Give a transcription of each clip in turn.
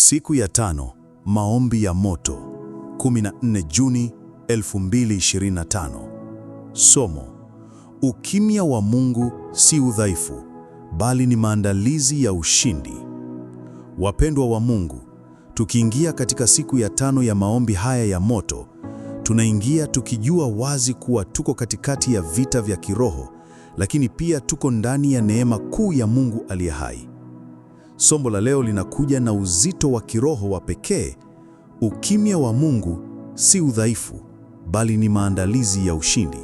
Siku ya tano, maombi ya moto, 14 Juni 2025. Somo: ukimya wa Mungu si udhaifu, bali ni maandalizi ya ushindi. Wapendwa wa Mungu, tukiingia katika siku ya tano ya maombi haya ya moto, tunaingia tukijua wazi kuwa tuko katikati ya vita vya kiroho, lakini pia tuko ndani ya neema kuu ya Mungu aliye hai. Somo la leo linakuja na uzito wa kiroho wa pekee. Ukimya wa Mungu si udhaifu, bali ni maandalizi ya ushindi.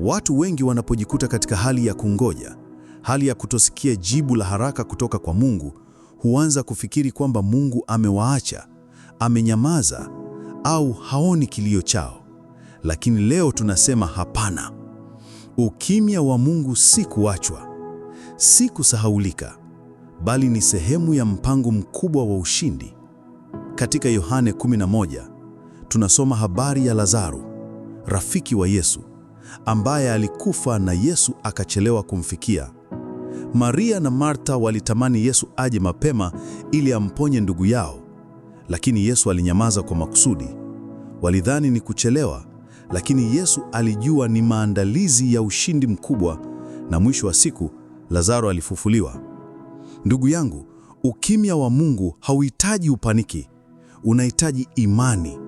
Watu wengi wanapojikuta katika hali ya kungoja, hali ya kutosikia jibu la haraka kutoka kwa Mungu, huanza kufikiri kwamba Mungu amewaacha, amenyamaza au haoni kilio chao. Lakini leo tunasema hapana. Ukimya wa Mungu si kuachwa, si kusahaulika, bali ni sehemu ya mpango mkubwa wa ushindi. Katika Yohane 11 tunasoma habari ya Lazaro, rafiki wa Yesu, ambaye alikufa na Yesu akachelewa kumfikia. Maria na Marta walitamani Yesu aje mapema ili amponye ndugu yao, lakini Yesu alinyamaza kwa makusudi. Walidhani ni kuchelewa, lakini Yesu alijua ni maandalizi ya ushindi mkubwa, na mwisho wa siku Lazaro alifufuliwa. Ndugu yangu, ukimya wa Mungu hauhitaji upaniki, unahitaji imani.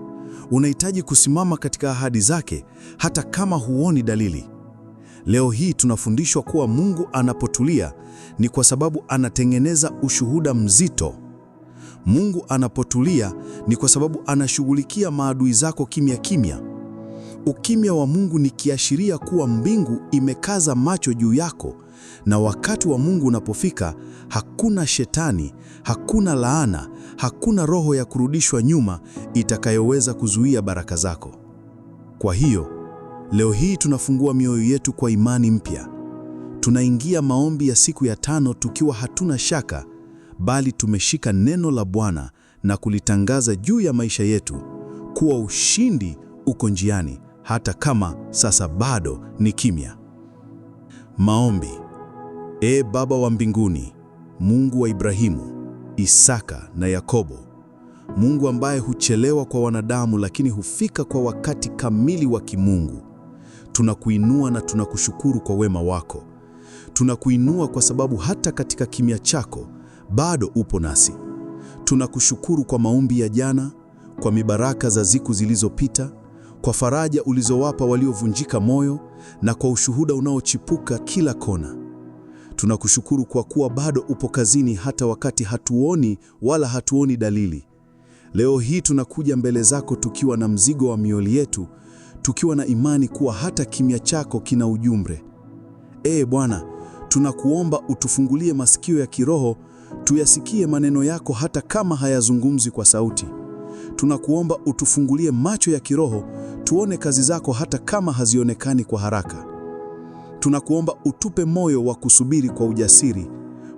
Unahitaji kusimama katika ahadi zake hata kama huoni dalili. Leo hii tunafundishwa kuwa Mungu anapotulia ni kwa sababu anatengeneza ushuhuda mzito. Mungu anapotulia ni kwa sababu anashughulikia maadui zako kimya kimya. Ukimya wa Mungu ni kiashiria kuwa mbingu imekaza macho juu yako na wakati wa Mungu unapofika, hakuna shetani, hakuna laana, hakuna roho ya kurudishwa nyuma itakayoweza kuzuia baraka zako. Kwa hiyo, leo hii tunafungua mioyo yetu kwa imani mpya. Tunaingia maombi ya siku ya tano tukiwa hatuna shaka, bali tumeshika neno la Bwana na kulitangaza juu ya maisha yetu kuwa ushindi uko njiani, hata kama sasa bado ni kimya. Maombi. Ee Baba wa mbinguni, Mungu wa Ibrahimu, Isaka na Yakobo, Mungu ambaye huchelewa kwa wanadamu lakini hufika kwa wakati kamili wa kimungu, tunakuinua na tunakushukuru kwa wema wako. Tunakuinua kwa sababu hata katika kimya chako bado upo nasi. Tunakushukuru kwa maombi ya jana, kwa mibaraka za siku zilizopita, kwa faraja ulizowapa waliovunjika moyo na kwa ushuhuda unaochipuka kila kona. Tunakushukuru kwa kuwa bado upo kazini hata wakati hatuoni wala hatuoni dalili. Leo hii tunakuja mbele zako tukiwa na mzigo wa mioyo yetu, tukiwa na imani kuwa hata kimya chako kina ujumbe. Ee Bwana, tunakuomba utufungulie masikio ya kiroho, tuyasikie maneno yako hata kama hayazungumzi kwa sauti. Tunakuomba utufungulie macho ya kiroho, tuone kazi zako hata kama hazionekani kwa haraka. Tunakuomba utupe moyo wa kusubiri kwa ujasiri,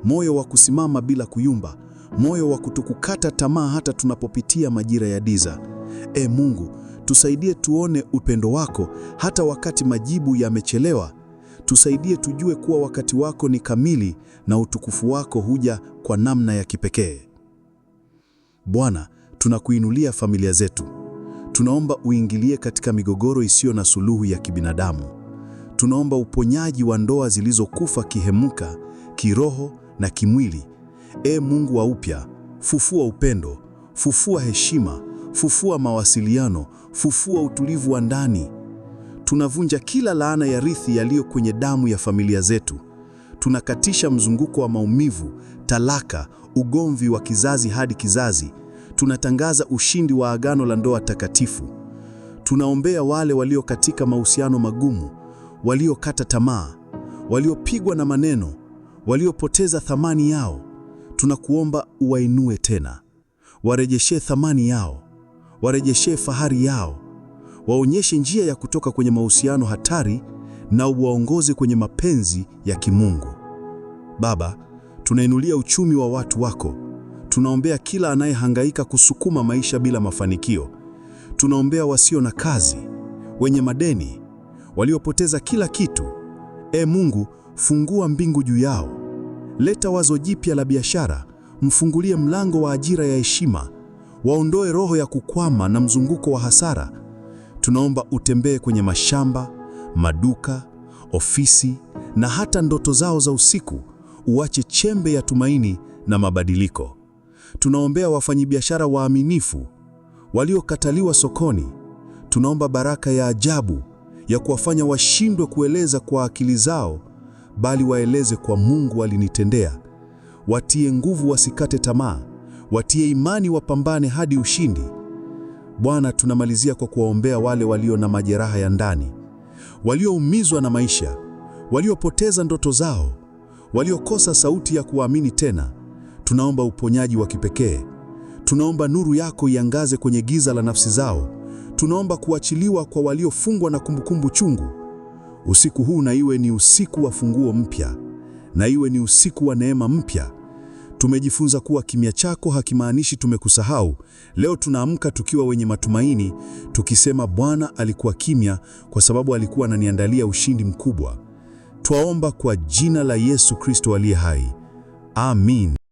moyo wa kusimama bila kuyumba, moyo wa kutukukata tamaa hata tunapopitia majira ya giza. E Mungu, tusaidie tuone upendo wako hata wakati majibu yamechelewa. Tusaidie tujue kuwa wakati wako ni kamili na utukufu wako huja kwa namna ya kipekee. Bwana, tunakuinulia familia zetu. Tunaomba uingilie katika migogoro isiyo na suluhu ya kibinadamu tunaomba uponyaji wa ndoa zilizokufa kihemuka, kiroho na kimwili. E Mungu wa upya, fufua upendo, fufua heshima, fufua mawasiliano, fufua utulivu wa ndani. Tunavunja kila laana ya rithi yaliyo kwenye damu ya familia zetu. Tunakatisha mzunguko wa maumivu, talaka, ugomvi wa kizazi hadi kizazi. Tunatangaza ushindi wa agano la ndoa takatifu. Tunaombea wale walio katika mahusiano magumu, waliokata tamaa, waliopigwa na maneno, waliopoteza thamani yao, tunakuomba uwainue tena, warejeshe thamani yao, warejeshe fahari yao, waonyeshe njia ya kutoka kwenye mahusiano hatari na uwaongoze kwenye mapenzi ya kimungu. Baba, tunainulia uchumi wa watu wako, tunaombea kila anayehangaika kusukuma maisha bila mafanikio, tunaombea wasio na kazi, wenye madeni waliopoteza kila kitu. E Mungu, fungua mbingu juu yao. Leta wazo jipya la biashara, mfungulie mlango wa ajira ya heshima. Waondoe roho ya kukwama na mzunguko wa hasara. Tunaomba utembee kwenye mashamba, maduka, ofisi na hata ndoto zao za usiku, uache chembe ya tumaini na mabadiliko. Tunaombea wafanyabiashara waaminifu waliokataliwa sokoni. Tunaomba baraka ya ajabu ya kuwafanya washindwe kueleza kwa akili zao, bali waeleze kwa Mungu alinitendea. Watie nguvu, wasikate tamaa, watie imani, wapambane hadi ushindi. Bwana, tunamalizia kwa kuwaombea wale walio na majeraha ya ndani, walioumizwa na maisha, waliopoteza ndoto zao, waliokosa sauti ya kuwaamini tena. Tunaomba uponyaji wa kipekee, tunaomba nuru yako iangaze kwenye giza la nafsi zao tunaomba kuachiliwa kwa waliofungwa na kumbukumbu chungu. Usiku huu na iwe ni usiku wa funguo mpya, na iwe ni usiku wa neema mpya. Tumejifunza kuwa kimya chako hakimaanishi tumekusahau. Leo tunaamka tukiwa wenye matumaini, tukisema Bwana alikuwa kimya kwa sababu alikuwa ananiandalia ushindi mkubwa. Twaomba kwa jina la Yesu Kristo aliye hai. Amin.